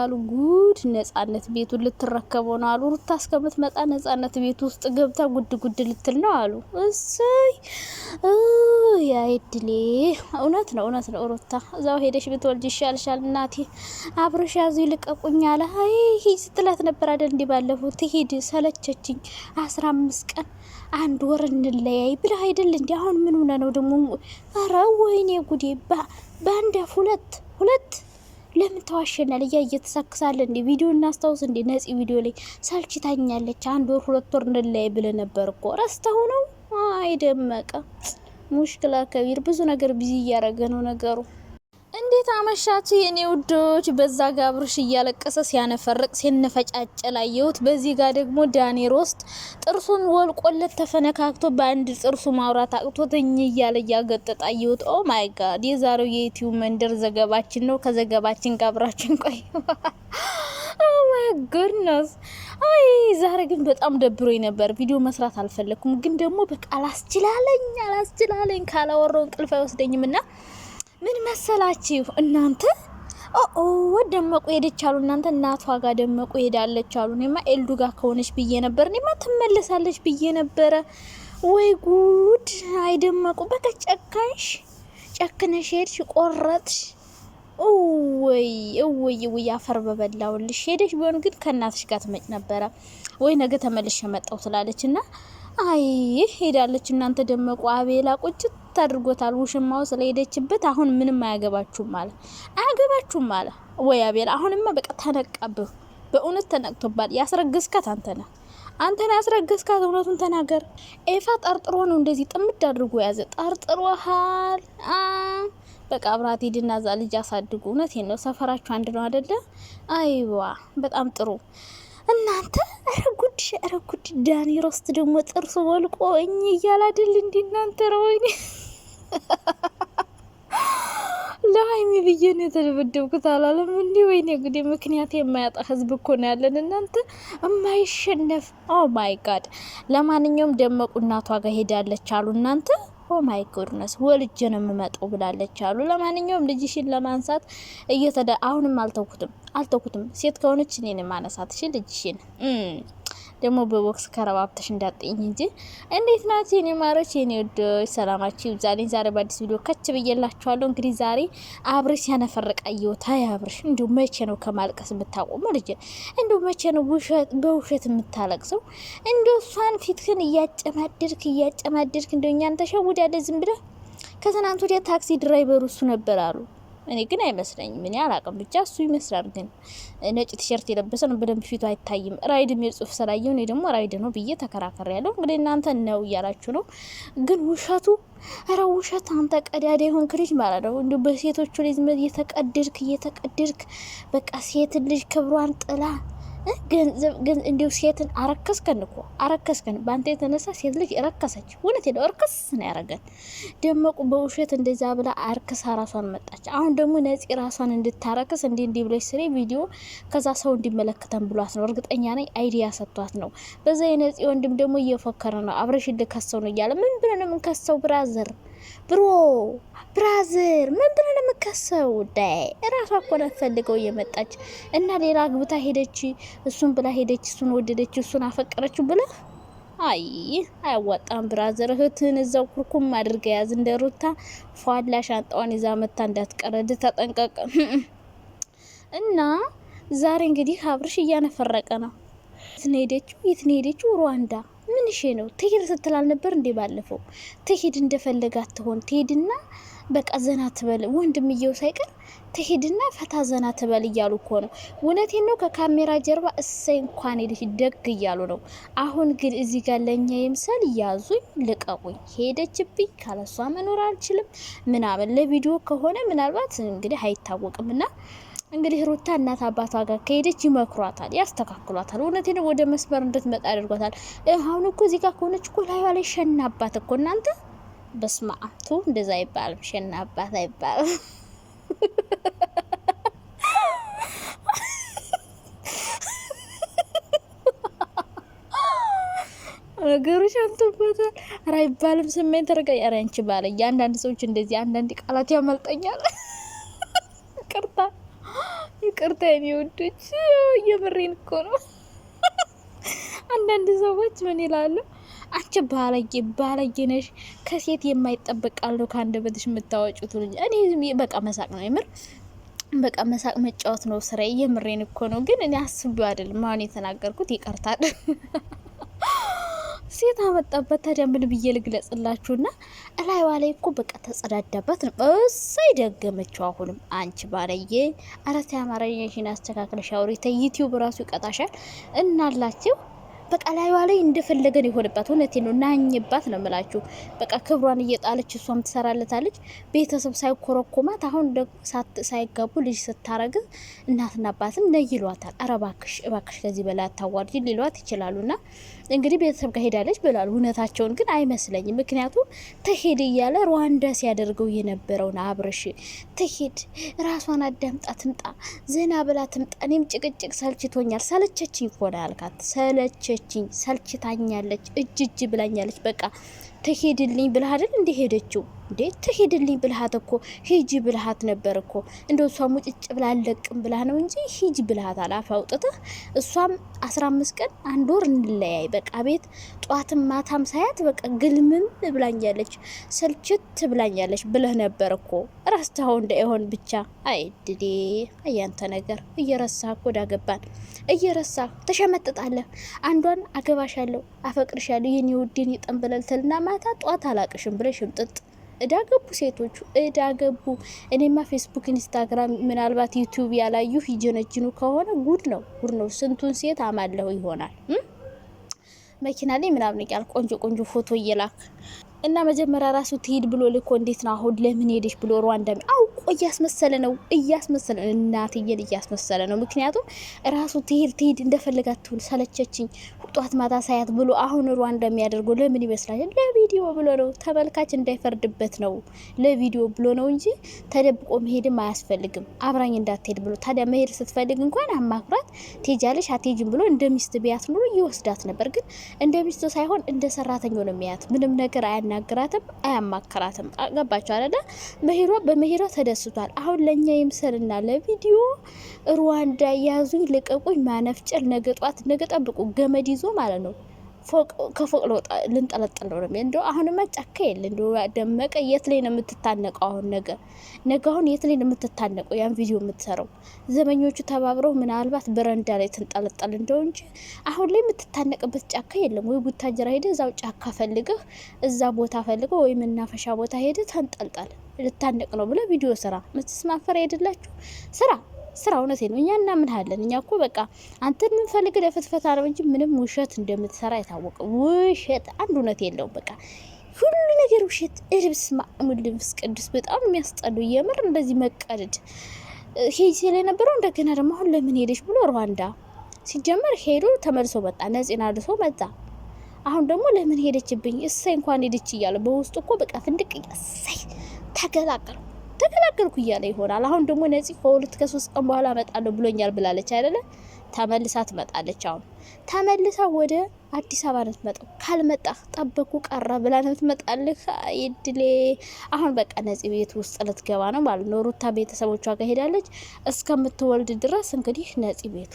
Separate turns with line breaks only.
አሉ። ጉድ ነጻነት ቤቱ ልትረከበው ነው አሉ። ሩታ እስከምትመጣ ነጻነት ቤቱ ውስጥ ገብታ ጉድ ጉድ ልትል ነው አሉ። እሰይ ያይድሌ። እውነት ነው እውነት ነው። ሩታ እዛው ሄደሽ ብትወልጅ ይሻልሻል እናቴ። አብረሽ ያዙ ይልቀቁኝ አለ። አይ ሂድ ስትላት ነበር አይደል? እንዲህ ባለፉት ሂድ ሰለቸችኝ፣ አስራ አምስት ቀን አንድ ወር እንለያይ ብለህ አይደል? እንዲህ አሁን ምን ሆነ ነው ደግሞ? ኧረ ወይኔ ጉዴ! በአንድ አፍ ሁለት ሁለት ለምን ተዋሸናል? እያ እየተሳክሳለ እንዴ ቪዲዮ እናስታውስ እንዴ ነጽ ቪዲዮ ላይ ሰልችታኛለች። አንድ ወር ሁለት ወር እንለያይ ብለ ነበር እኮ ረስተው ነው አይደመቀ ሙሽክላ ከቢር ብዙ ነገር ቢዚ እያረገ ነው ነገሩ። እንዴት አመሻችሁ የኔ ውዶች። በዛ ጋር አብርሽ እያለቀሰ ሲያነፈርቅ ሲነፈጫጭ ላየሁት። በዚህ ጋር ደግሞ ዳኔል ሮስት ጥርሱን ወልቆለት ተፈነካክቶ በአንድ ጥርሱ ማውራት አቅቶት እያለ እያገጠጣ አየሁት። ኦ ማይ ጋድ! የዛሬው የዩቲዩብ መንደር ዘገባችን ነው። ከዘገባችን ጋር አብራችን ቆዩ። ኦ ማይ ጉድነስ አይ ዛሬ ግን በጣም ደብሮኝ ነበር። ቪዲዮ መስራት አልፈለግኩም፣ ግን ደግሞ በቃ አላስችላለኝ አላስችላለኝ ካላወራው እንቅልፍ አይወስደኝም እና ምን መሰላችሁ እናንተ ኦ ደመቁ ሄደች አሉ። እናንተ እናቷ ጋር ደመቁ ሄዳለች አሉ። እኔማ ኤልዱ ጋር ከሆነች ብዬ ነበር። እኔማ ትመለሳለች ብዬ ነበረ። ወይ ጉድ! አይደመቁ በቃ ጨካንሽ ጨክነሽ ሄድሽ፣ ቆረጥሽ። እወይ እወይ እወይ! አፈር በበላውልሽ። ሄደሽ ቢሆን ግን ከእናትሽ ጋር ትመጭ ነበረ። ወይ ነገ ተመልሼ መጣሁ ትላለች እና አይ ሄዳለች። እናንተ ደመቁ አቤላ ቁጭት ሀብት አድርጎታል። ውሽማው ስለሄደችበት አሁን ምንም አያገባችሁም አለ። አያገባችሁም አለ ወይ አቤል? አሁንማ በቃ ተነቃብህ። በእውነት ተነቅቶባል። ያስረገዝካት አንተ ነህ አንተን ያስረገዝካት። እውነቱን ተናገር። ኤፋ ጠርጥሮ ነው እንደዚህ ጥምድ አድርጎ የያዘ ጠርጥሮሃል። በቃ አብራት ሂድና እዛ ልጅ አሳድጉ። እውነት ነው። ሰፈራችሁ አንድ ነው አደለ? አይዋ በጣም ጥሩ እናንተ ረጉድ ረጉድ ዳኒ ሮስት ደግሞ ጥርሱ ወልቆ እኝ እያል አይደል እንዲ እናንተ ረወይኔ ለሀይሚ ብዬ ነው የተደበደብኩት አላለም እንዲ ወይኔ ጉዴ ምክንያት የማያጣ ህዝብ እኮ ነው ያለን እናንተ የማይሸነፍ ኦ ማይ ጋድ ለማንኛውም ደመቁ እናቷ ጋር ሄዳለች አሉ እናንተ ኦ ማይ ጎድነስ ወልጄ ነው የምመጣው ብላለች አሉ። ለማንኛውም ልጅሽን ለማንሳት እየተደ አሁንም አልተውኩትም አልተውኩትም። ሴት ከሆነች እኔን ማነሳት ልጅሽን ደግሞ በቦክስ ከረባብተሽ እንዳጠኝ እንጂ። እንዴት ናችሁ የኔ ማሮች፣ የኔ ወዶች፣ ሰላማችሁ ይብዛልኝ። ዛሬ በአዲስ ቪዲዮ ከች ብዬላችኋለሁ። እንግዲህ ዛሬ አብርሽ ያነፈረቃ እየወታ አብርሽ፣ እንዲሁ መቼ ነው ከማልቀስ የምታቆሙ ልጅ? እንዲሁ መቼ ነው በውሸት የምታለቅሰው? እንዲሁ እሷን ፊትህን እያጨማድርክ እያጨማድርክ እንደኛን ተሸውድ ያለ ዝም ብለህ ከትናንት ወዲያ ታክሲ ድራይቨር እሱ ነበር አሉ እኔ ግን አይመስለኝም። እኔ አላቅም ብቻ እሱ ይመስላል። ግን ነጭ ቲሸርት የለበሰ ነው፣ በደንብ ፊቱ አይታይም። ራይድ የሚል ጽሁፍ ስላየ እኔ ደግሞ ራይድ ነው ብዬ ተከራከር ያለው እንግዲህ እናንተ ነው እያላችሁ ነው። ግን ውሸቱ ረ ውሸት አንተ ቀዳዳ የሆንክ ልጅ ማለት ነው። እንዲሁ በሴቶቹ ላይ እየተቀድርክ እየተቀድርክ በቃ ሴት ልጅ ክብሯን ጥላ ገንዘብ እንዲሁ ሴትን አረከስከን እኮ አረከስከን። በአንተ የተነሳ ሴት ልጅ ረከሰች። እውነት ሄደው እርክስ ነው ያደረገን። ደመቁ በውሸት እንደዛ ብላ አርክሳ ራሷን መጣች። አሁን ደግሞ ነፂ ራሷን እንድታረክስ እንዲ እንዲህ ብለች ስሬ ቪዲዮ ከዛ ሰው እንዲመለከተን ብሏት ነው። እርግጠኛ ነኝ አይዲያ ሰጥቷት ነው። በዛ የነፂ ወንድም ደግሞ እየፎከረ ነው። አብረሽ ልከሰው ነው እያለ ምን ብለን ከሰው ብራዘር ብሮ ብራዘር ምን ብለን የምከሰው ውዳይ እራሷ እኮ ናት ፈልገው እየመጣች እና ሌላ አግብታ ሄደች፣ እሱን ብላ ሄደች፣ እሱን ወደደች፣ እሱን አፈቀረችው ብለ አይ አያዋጣም። ብራዘር እህትህን እዛው ኩርኩም አድርገ ያዝ። እንደ ሩታ ፏላ ሻንጣዋን ይዛ መታ እንዳትቀረድ ተጠንቀቅ። እና ዛሬ እንግዲህ አብርሽ እያነፈረቀ ነው። የት ነው ሄደችው? የት ነው ሄደችው? ሩዋንዳ ምን ሼ ነው ትሄድ ስትላል ነበር እንዴ? ባለፈው ትሄድ እንደፈለጋት ትሆን ትሄድና በቃ ዘና ትበል ወንድምየው ሳይቀር ትሄድና ፈታ ዘና ትበል እያሉ እኮ ነው። እውነቴን ነው። ከካሜራ ጀርባ እሰይ እንኳን ሄደች ደግ እያሉ ነው። አሁን ግን እዚህ ጋር ለእኛ ይምሰል ያዙኝ፣ ልቀቁኝ፣ ሄደችብኝ፣ ካለሷ መኖር አልችልም ምናምን ለቪዲዮ ከሆነ ምናልባት እንግዲህ አይታወቅም ና እንግዲህ ሩታ እናት አባቷ ጋር ከሄደች ይመክሯታል፣ ያስተካክሏታል። እውነቴን ወደ መስመር እንድትመጣ ያደርጓታል። አሁን እኮ እዚህ ጋር ከሆነች እኮ ላይዋ ላይ ሸናባት እኮ እናንተ በስመ አብ ቱ እንደዛ አይባልም፣ ሸናባት አይባልም። ነገሩ ሸንቶበታል። ራ ይባልም ስሜን ተረጋ ኧረ ባለ እያንዳንድ ሰዎች እንደዚህ አንዳንድ ቃላት ያመልጠኛል። ቅርታ ይቅርታ የኔ የሚወዱች የምሬን እኮ ነው። አንዳንድ ሰዎች ምን ይላሉ? አንቺ ባለጌ ባለጌ ነሽ፣ ከሴት የማይጠበቅ ከአንድ በትሽ የምታወጩት የምታወጪው እኔ በቃ መሳቅ ነው የምር በቃ መሳቅ መጫወት ነው ስራዬ። የምሬን እኮ ነው። ግን እኔ አስቤው አይደለም አሁን የተናገርኩት። ይቀርታል። ሴት አመጣበት። ታዲያ ምን ብዬ ልግለጽላችሁና እላይዋ ላይ እኮ በቃ ተጸዳዳበት ነው። እሰይ ደገመችው። አሁንም አንቺ ባለየ አረት አማርኛሽን አስተካክለሽ አውሪ። ዩቲዩብ ራሱ ይቀጣሻል እናላችሁ በቀላዩዋ ላይ እንደፈለገን የሆነባት እውነቴ ነው። ናኝባት ነው የምላችሁ። በቃ ክብሯን እየጣለች እሷም ትሰራለታለች። ቤተሰብ ሳይኮረኮማት አሁን ሳይጋቡ ልጅ ስታረግ እናትና አባትም ነይሏታል። ይሏታል። ኧረ እባክሽ እባክሽ ከዚህ በላይ አታዋርጂ ሊሏት ይችላሉና እንግዲህ ቤተሰብ ጋር ሄዳለች ብላሉ። እውነታቸውን ግን አይመስለኝም። ምክንያቱም ትሄድ እያለ ሩዋንዳ ሲያደርገው የነበረውን አብርሽ ትሄድ ራሷን አዳምጣ ትምጣ፣ ዘና ብላ ትምጣ። እኔም ጭቅጭቅ ሰልችቶኛል፣ ሰለቸችኝ እኮ ነው ያልካት ሰለቸች ሰለቸችኝ፣ ሰልችታኛለች፣ እጅ እጅ ብላኛለች፣ በቃ ትሄድልኝ ብላ አይደል እንዲሄደችው እንዴት ትሄድልኝ ብልሃት እኮ ሂጂ ብልሃት ነበር እኮ እንደ እሷ ሙጭጭ ብላ አልለቅም ብላ ነው እንጂ ሂጂ ብልሃት አላፍ አውጥተህ እሷም አስራ አምስት ቀን አንድ ወር እንለያይ በቃ ቤት ጧትም ማታም ሳያት በቃ ግልምም ብላኛለች፣ ስልችት ብላኛለች ብለህ ነበር እኮ ረስተኸው እንደ ይሆን ብቻ። አይድዴ አያንተ ነገር እየረሳህ እኮ ዳገባን እየረሳህ ተሸመጥጣለህ። አንዷን አገባሻለሁ፣ አፈቅርሻለሁ፣ የኔ ውዴን ይጠንብለልትልና ማታ ጧት አላቅሽም ብለሽ ሽምጥጥ እዳገቡ ሴቶቹ እዳገቡ። እኔማ ፌስቡክ፣ ኢንስታግራም፣ ምናልባት ዩቱብ ያላዩ ይጀነጅኑ ከሆነ ጉድ ነው፣ ጉድ ነው። ስንቱን ሴት አማለሁ ይሆናል መኪና ላይ ምናምን ያል ቆንጆ ቆንጆ ፎቶ እየላክ እና መጀመሪያ ራሱ ትሄድ ብሎ ልኮ እንዴት ነው አሁን ለምን ሄደሽ ብሎ ሩዋንዳ አውቁ እያስመሰለ ነው እያስመሰለ ነው እናትየን እያስመሰለ ነው። ምክንያቱም ራሱ ትሄድ ትሄድ እንደፈለጋት ትሁን ሰለቸችኝ ጧት ማታ ሳያት ብሎ አሁን ሯ እንደሚያደርገው ለምን ይመስላል? ለቪዲዮ ብሎ ነው። ተመልካች እንዳይፈርድበት ነው። ለቪዲዮ ብሎ ነው እንጂ ተደብቆ መሄድም አያስፈልግም። አብራኝ እንዳትሄድ ብሎ ታዲያ መሄድ ስትፈልግ እንኳን አማክራት ትሄጃለሽ አትሄጂም ብሎ እንደ ሚስት ቢያት ኑሮ ይወስዳት ነበር። ግን እንደ ሚስት ሳይሆን እንደ ሰራተኛው ነው የሚያት። ምንም ነገር አያናግራትም፣ አያማክራትም። ገባቸው አለ መሄሯ በመሄሯ ተደስ አስነስቷል። አሁን ለእኛ ይምሰልና ለቪዲዮ ሩዋንዳ ያዙኝ ልቀቁኝ ማነፍጨል ነገ ጧት ነገ ጠብቁ ገመድ ይዞ ማለት ነው ከፎቅ ልንጠለጠለው ነው ነው እንደ አሁንማ ጫካ የለ እንደ ደመቀ የት ላይ ነው የምትታነቀው? አሁን ነገ ነገ አሁን የት ላይ ነው የምትታነቀው? ያን ቪዲዮ የምትሰራው ዘመኞቹ ተባብረው ምናልባት በረንዳ ላይ ትንጠለጠል እንደው እንጂ አሁን ላይ የምትታነቅበት ጫካ የለም። ወይ ቡታጅራ ሄደ እዛው ጫካ ፈልገህ እዛ ቦታ ፈልገህ ወይ መናፈሻ ቦታ ሄደ ተንጠልጠል። ልታነቅ ነው ብለ ቪዲዮ ስራ ምትስማፈር ሄድላችሁ ስራ ስራ እውነቴ ነው። እኛ እናምንሃለን። እኛ እኮ በቃ አንተ የምንፈልግ ለፍትፈታ ነው እንጂ ምንም ውሸት እንደምትሰራ የታወቀ ውሸት አንድ እውነት የለውም። በቃ ሁሉ ነገር ውሸት። እልብስ ማእሙል ልብስ ቅዱስ በጣም የሚያስጠሉ የምር እንደዚህ መቀደድ ሄጅ ሲል የነበረው እንደገና ደግሞ አሁን ለምን ሄደች ብሎ ሩዋንዳ ሲጀመር ሄዶ ተመልሶ መጣ። ነጽና ልሶ መጣ። አሁን ደግሞ ለምን ሄደችብኝ እሳይ እንኳን ሄደች እያለ በውስጡ እኮ በቃ ፍንድቅ እሳይ ተገላገልኩ ተገላገልኩ እያለ ይሆናል። አሁን ደግሞ ነፂ ከሁለት ከሶስት ቀን በኋላ እመጣለሁ ብሎኛል ብላለች አይደለ? ተመልሳ ትመጣለች። አሁን ተመልሳ ወደ አዲስ አበባ ነው የምትመጣው። ካልመጣህ ጠበኩ ቀረ ብላ ነው ትመጣልህ። ይድሌ አሁን በቃ ነፂ ቤት ውስጥ ልትገባ ነው ማለት ነው። ሩታ ቤተሰቦቿ ጋር ሄዳለች። እስከምትወልድ ድረስ እንግዲህ ነፂ ቤቱ